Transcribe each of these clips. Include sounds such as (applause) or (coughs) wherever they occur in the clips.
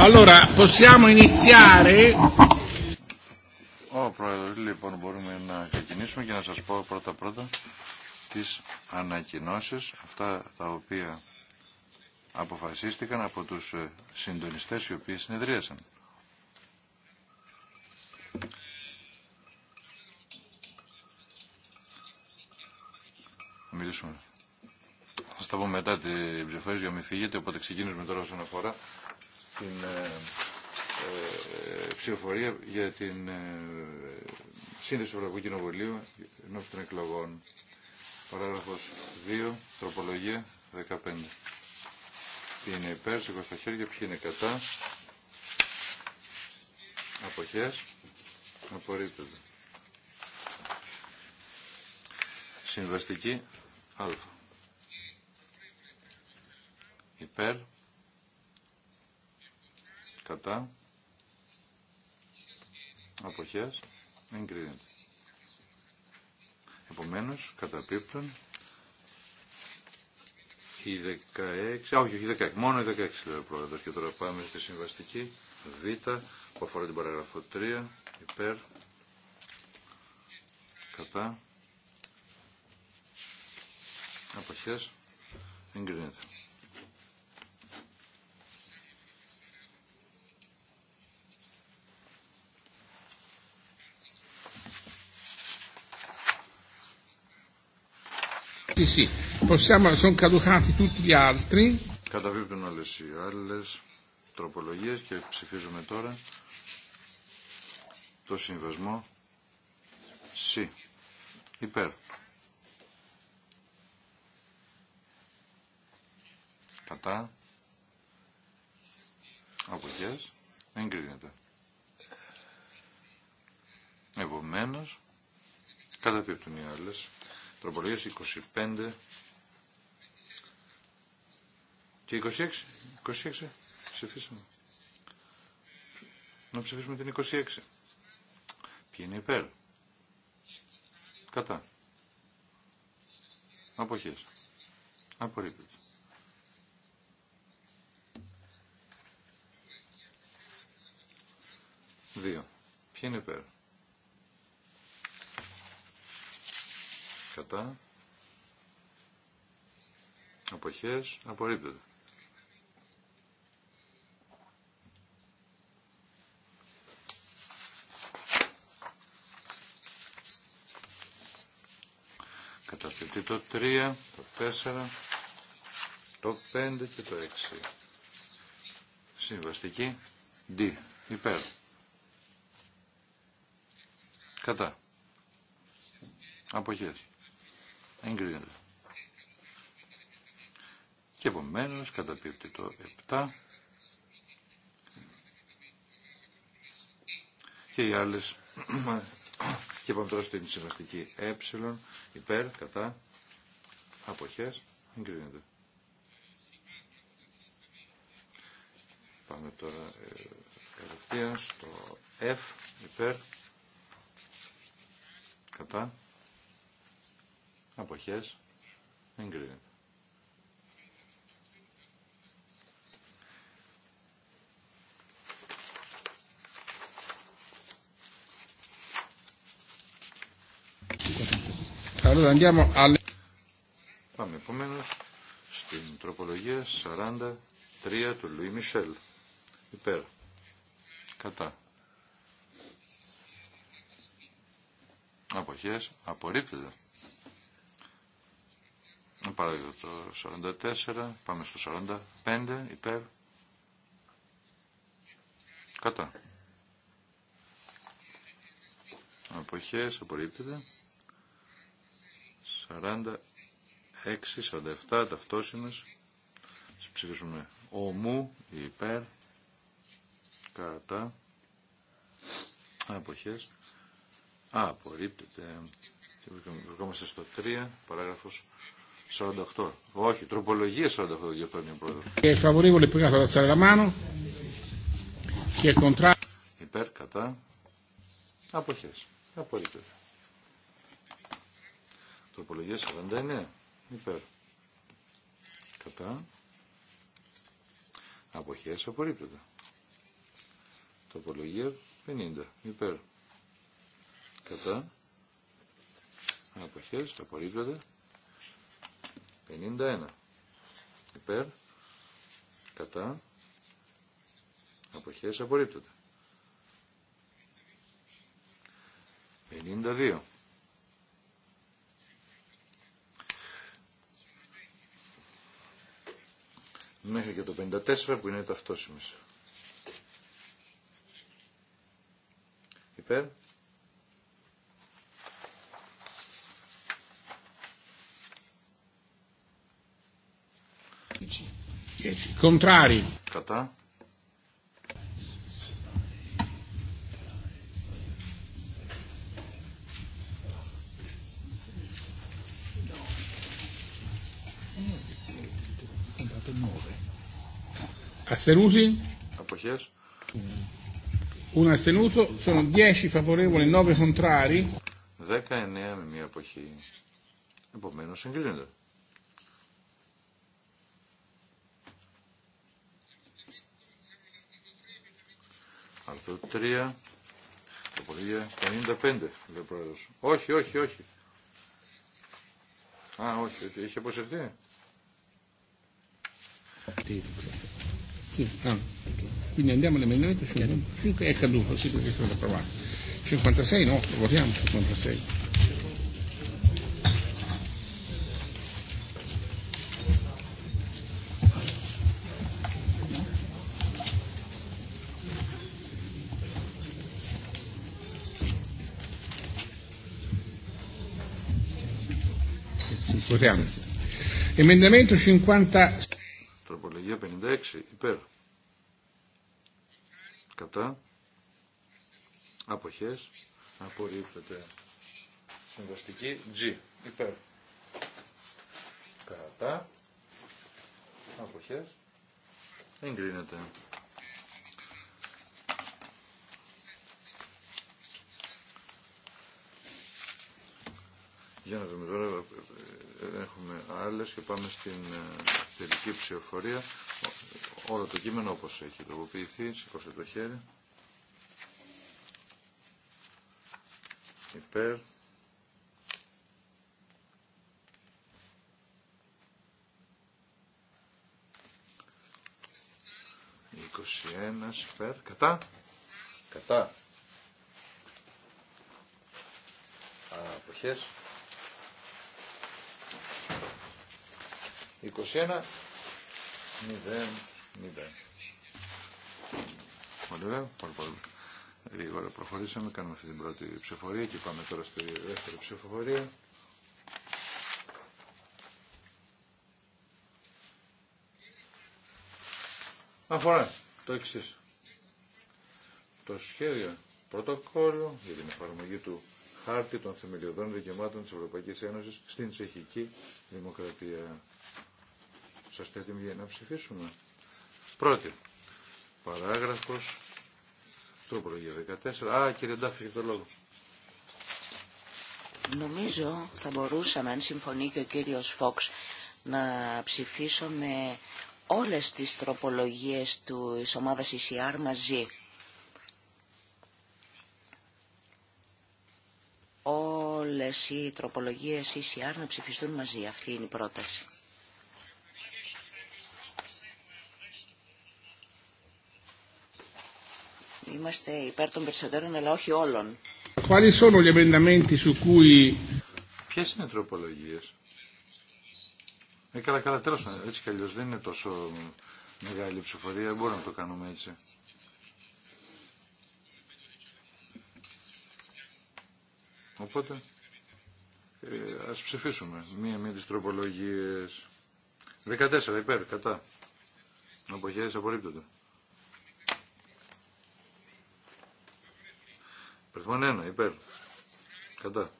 Allora, possiamo iniziare. Ο Πρόεδρος, λοιπόν, μπορούμε να ξεκινήσουμε και να σας πω πρώτα-πρώτα τις ανακοινώσεις, αυτά τα οποία αποφασίστηκαν από τους ε, συντονιστές οι οποίοι συνεδρίασαν. Μιλήσουμε. Θα τα πω μετά την ψηφορία για μην φύγετε, οπότε ξεκινήσουμε τώρα όσον αφορά την ε, ε, ψηφοφορία για την ε, σύνδεση του Ευρωπαϊκού Κοινοβουλίου ενώπιση των εκλογών. Παράγραφος 2, τροπολογία 15. Ποιοι είναι υπέρ, σηκώ στα χέρια, ποιοι είναι κατά. Αποχές. Απορρίπτεται. Συμβαστική α. Υπέρ κατά αποχές εγκρίνεται. Επομένως, καταπίπτουν η 16, α, όχι, 16, μόνο η 16 λέει ο πρόεδρος και τώρα πάμε στη συμβαστική Β που αφορά την παραγραφό 3 υπέρ κατά αποχές εγκρίνεται. Sì, όλε οι άλλε τροπολογίε και ψηφίζουμε τώρα το συμβασμό C. Υπέρ. Κατά. Αποχές. Εγκρίνεται. Επομένω, καταπίπτουν οι άλλες. Τροπολογίες 25 και 26. 26 ψηφίσαμε. Να ψηφίσουμε την 26. Ποιοι είναι υπέρ. Κατά. Αποχές. Απορρίπτωση. Δύο. Ποιοι είναι υπέρ. μετά αποχές απορρίπτεται. Καταθετεί το 3, το 4, το 5 και το 6. Συμβαστική D. Υπέρ. Κατά. Αποχές εγκρίνεται. Και επομένω καταπίπτει το 7 και οι άλλε. (coughs) και πάμε τώρα στην συμβαστική ε, υπέρ, κατά, αποχές, εγκρίνεται. Πάμε τώρα ε, κατευθείαν στο F, υπέρ, κατά, αποχές εγκρίνεται. Πάμε επομένω στην τροπολογία 43 του Λουί Μισελ. Υπέρ. Κατά. Αποχές. Απορρίπτεται παράδειγμα το 44, πάμε στο 45, υπέρ. Κατά. Αποχές, απορρίπτεται. 46, 47, ταυτόσιμες. Ψηφίσουμε ομού, υπέρ, κατά, αποχές. Α, απορρίπτεται. Βρισκόμαστε στο 3, παράγραφος 48. Όχι, τροπολογία 48 για τον κοντρά. Υπέρ, κατά. Αποχές. Απορρίπτεται. Τροπολογία 49. Υπέρ. Κατά. Αποχές απορρίπτεται. Τροπολογία 50. Υπέρ. Κατά. Αποχές απορρίπτεται. 51 υπέρ κατά αποχές απορρίπτονται 52 μέχρι και το 54 που είναι ταυτόσιμες υπέρ Contrari. Κατά. Astenuti? Αποχές. Un astenuto, sono 10 favorevoli, 9 contrari. 19 E poi meno Επομένως εγκρίνεται. Άρθρο 3. Τροπολογία 55, λέει ο πρόεδρος. Όχι, όχι, όχι. Α, όχι, όχι. Είχε Sì, quindi andiamo all'emendamento 55 è caduto, sì 56 no, votiamo 56. Votiamo. Emendamento 50. Τροπολογία 56 υπέρ. Κατά. αποχέ, Απορρίπτεται. Συμβαστική G. Υπέρ. Κατά. αποχέ. Εγκρίνεται. Για να δούμε τώρα, ε, ε, έχουμε άλλε και πάμε στην ε, τελική ψηφοφορία. Όλο το κείμενο όπως έχει τροποποιηθεί, σηκώστε το χέρι. Υπέρ. 21 υπέρ, κατά, κατά, αποχές, 21 0 0. Ωραία, πολύ πολύ γρήγορα προχωρήσαμε, κάνουμε αυτή την πρώτη ψηφοφορία και πάμε τώρα στη δεύτερη ψηφοφορία. Αφορά το εξή. Το σχέδιο πρωτοκόλλου για την εφαρμογή του χάρτη των θεμελιωδών δικαιωμάτων της Ευρωπαϊκής Ένωσης στην Τσεχική Δημοκρατία. Είστε έτοιμοι για να ψηφίσουμε. Πρώτη. Παράγραφος. Τροπολογία 14. Α, κύριε Ντάφη, για το λόγο. Νομίζω θα μπορούσαμε, αν συμφωνεί και ο κύριος Φόξ, να ψηφίσουμε όλες τις τροπολογίες του ομάδας ECR μαζί. Όλες οι τροπολογίες ECR να ψηφιστούν μαζί. Αυτή είναι η πρόταση. Είμαστε υπέρ των περισσότερων, αλλά όχι όλων. Ποιε είναι οι τροπολογίε. Ε, καλά, καλά, τέλο Έτσι κι αλλιώ δεν είναι τόσο μεγάλη η ψηφορία. Μπορούμε να το κάνουμε έτσι. Οπότε, ε, ας ψηφίσουμε μία-μία τι τροπολογίες. 14 υπέρ, κατά. Αποχές απορρίπτονται. Αριθμόν ένα, ναι, υπέρ. Κατά.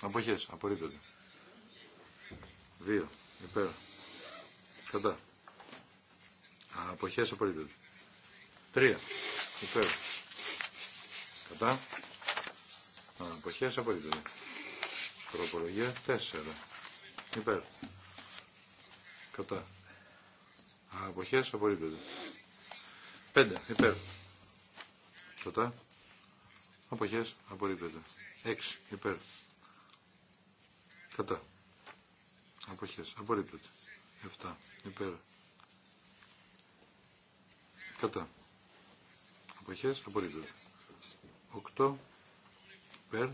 Αποχές. Απορρίπτονται. 2 υπέρ. Κατά. Αποχές. Απορρίπτονται. τρία, υπέρ. Κατά. Αποχές. Απορρίπτονται. προπολογία, τέσσερα, υπέρ. Κατά. Αποχές. Απορρίπτονται. πέντε, υπέρ. Κατά. Αποχέ, απορρίπτεται. 6 υπέρ. Κατά. Αποχέ, απορρίπτεται. 7 υπέρ. Κατά. Αποχέ, απορρίπτεται. 8 υπέρ.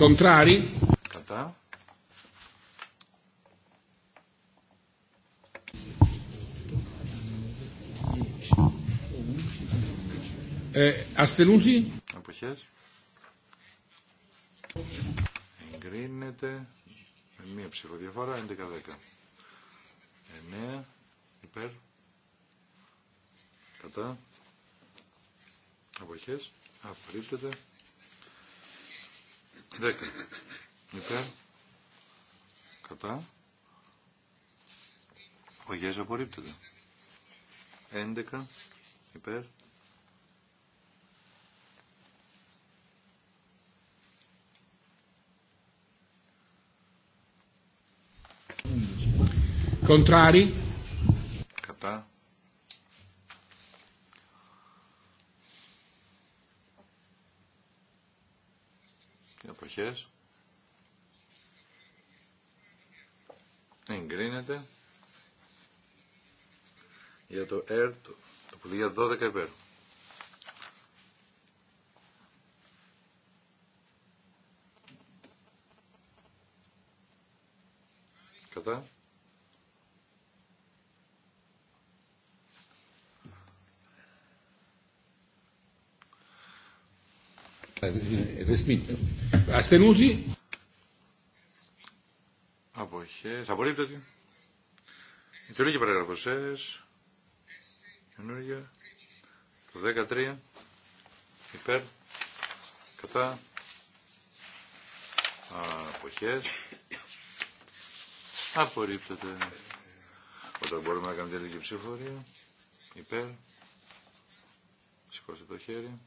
Contrari. Κατά. Ε, Αστελού. Αποχές. Εγκρίνεται με μία ψηφοδιαφορά 11-10. 9 υπέρ. Κατά. Αποχές. Απορρίπτεται. 10. Υπέρ. Κατά. Ο Ογιές απορρίπτεται. 11. Υπέρ. Κοντράρι. Κατά. Αποχές. Εγκρίνεται. Για το ΕΡΤ, το, το που λέει 12 υπέρ. Κατά. Respinto. Astenuti. Αποχές. Απορρίπτεται. Η τελική παραγραφός Η Καινούργια. Το 13. Υπέρ. Κατά. αποχέ. Απορρίπτεται. Όταν μπορούμε να κάνουμε τελική ψηφορία. Υπέρ. Σηκώστε το χέρι.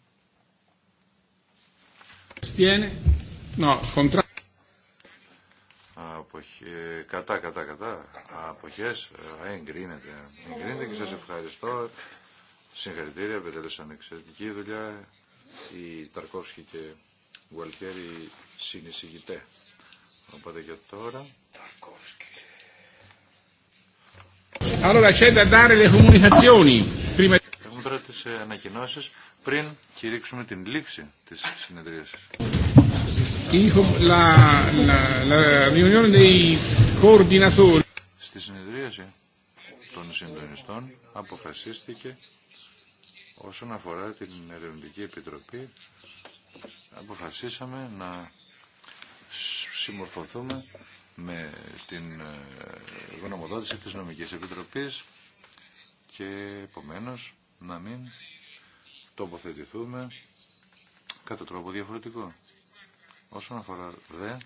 Αποχε... Κατά, κατά, κατά. Αποχές. Α, ε, εγκρίνεται. Εγκρίνεται και σας ευχαριστώ. Συγχαρητήρια, επιτέλεσαν εξαιρετική δουλειά. Οι Ταρκόφσκη και Γουαλτιέρη συνεισηγητέ. Οπότε και τώρα. Allora c'è da dare le comunicazioni. Prima ακούσουμε τώρα τις ανακοινώσεις πριν κηρύξουμε την λήξη της συνεδρίασης. Στη συνεδρίαση των συντονιστών αποφασίστηκε όσον αφορά την Ερευνητική Επιτροπή αποφασίσαμε να συμμορφωθούμε με την ε, γνωμοδότηση της Νομικής Επιτροπής και επομένως να μην τοποθετηθούμε κατά τρόπο διαφορετικό. Όσον αφορά δε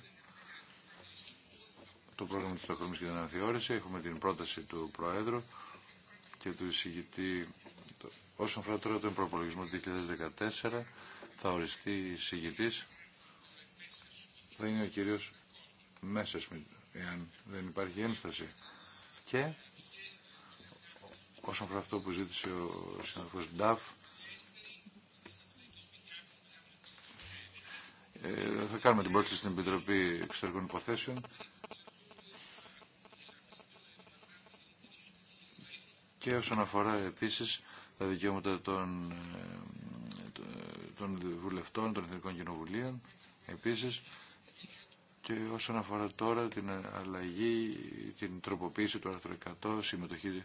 το πρόγραμμα της Στοκχόλμης και την αναθεώρηση, έχουμε την πρόταση του Προέδρου και του εισηγητή. Όσον αφορά τώρα τον προπολογισμό του 2014, θα οριστεί εισηγητής. Θα είναι ο κύριος Μέσες, εάν δεν υπάρχει ένσταση. Και όσον αφορά αυτό που ζήτησε ο συνάδελφος Νταφ, ε, θα κάνουμε την πρόσκληση στην Επιτροπή Εξωτερικών Υποθέσεων και όσον αφορά επίσης τα δικαιώματα των, ε, των βουλευτών των Εθνικών Κοινοβουλίων επίσης και όσον αφορά τώρα την αλλαγή, την τροποποίηση του άρθρου 100, συμμετοχή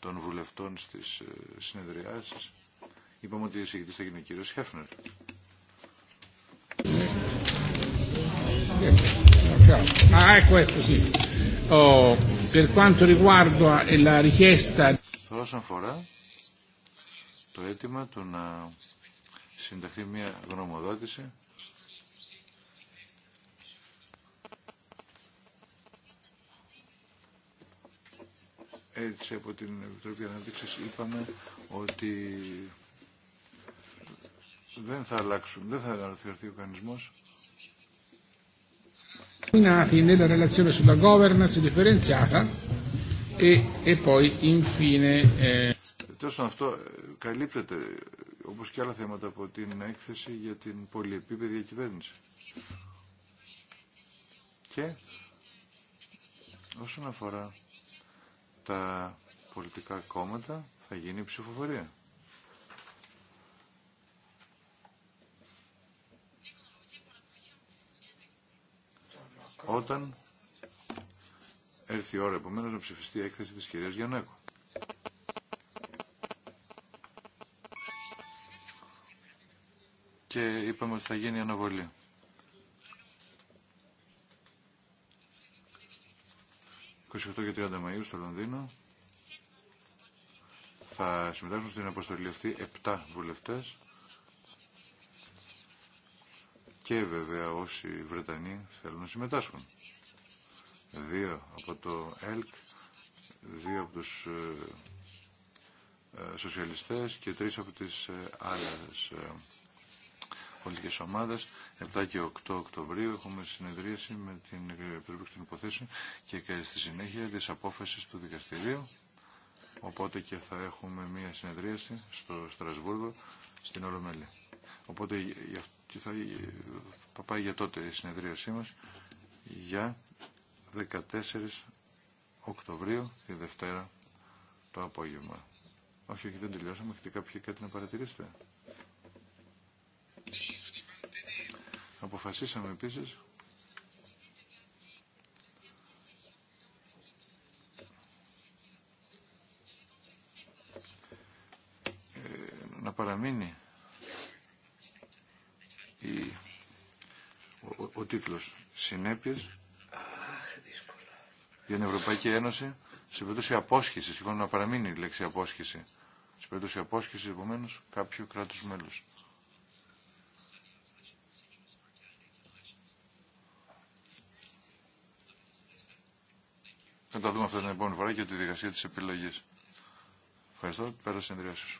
των βουλευτών στις ε, συνεδριάσεις. Είπαμε ότι η εισηγητής θα γίνει ο κύριος Χέφνερ. Oh, όσον αφορά το αίτημα του να συνταχθεί μια γνωμοδότηση Έτσι από την Επιτροπή Αναδείξης, είπαμε ότι δεν θα αλλάξουν, δεν θα αναθεωρηθεί ο κανονισμός. relazione sulla governance differenziata e, e poi infine. Eh, Τόσο αυτό ε, καλύπτεται όπως και άλλα θέματα από την έκθεση για την πολυεπίπεδη διακυβέρνηση. Και όσον αφορά τα πολιτικά κόμματα θα γίνει η ψηφοφορία. Όταν έρθει η ώρα επομένως να ψηφιστεί η έκθεση της κυρίας Γιαννέκου. Και είπαμε ότι θα γίνει αναβολή. 28 και 30 Μαΐου στο Λονδίνο θα συμμετάσχουν στην αποστολή αυτή 7 βουλευτές και βέβαια όσοι Βρετανοί θέλουν να συμμετάσχουν. Δύο από το ΕΛΚ, δύο από τους ε, ε, σοσιαλιστές και τρεις από τις ε, άλλες πολιτικές ομάδες. 7 και 8 Οκτωβρίου έχουμε συνεδρίαση με την Επιτροπή των Υποθέσεων και, και στη συνέχεια της απόφασης του δικαστηρίου. Οπότε και θα έχουμε μία συνεδρίαση στο Στρασβούργο, στην Ολομέλη. Οπότε και θα πάει για τότε η συνεδρίασή μας για 14 Οκτωβρίου τη Δευτέρα το απόγευμα. Όχι, όχι, δεν τελειώσαμε. Έχετε κάποιοι κάτι να παρατηρήσετε. Αποφασίσαμε επίσης ε, να παραμείνει η, ο, ο, ο τίτλος «Συνέπειες για την Ευρωπαϊκή Ένωση σε περίπτωση απόσχησης». Λοιπόν, να παραμείνει η λέξη «απόσχηση». Σε περίπτωση απόσχησης, επομένως, κάποιου κράτους μέλους. Θα τα δούμε αυτά την επόμενη φορά και τη δικασία της επιλογής. Ευχαριστώ. Πέρασε συνεδριάσεις.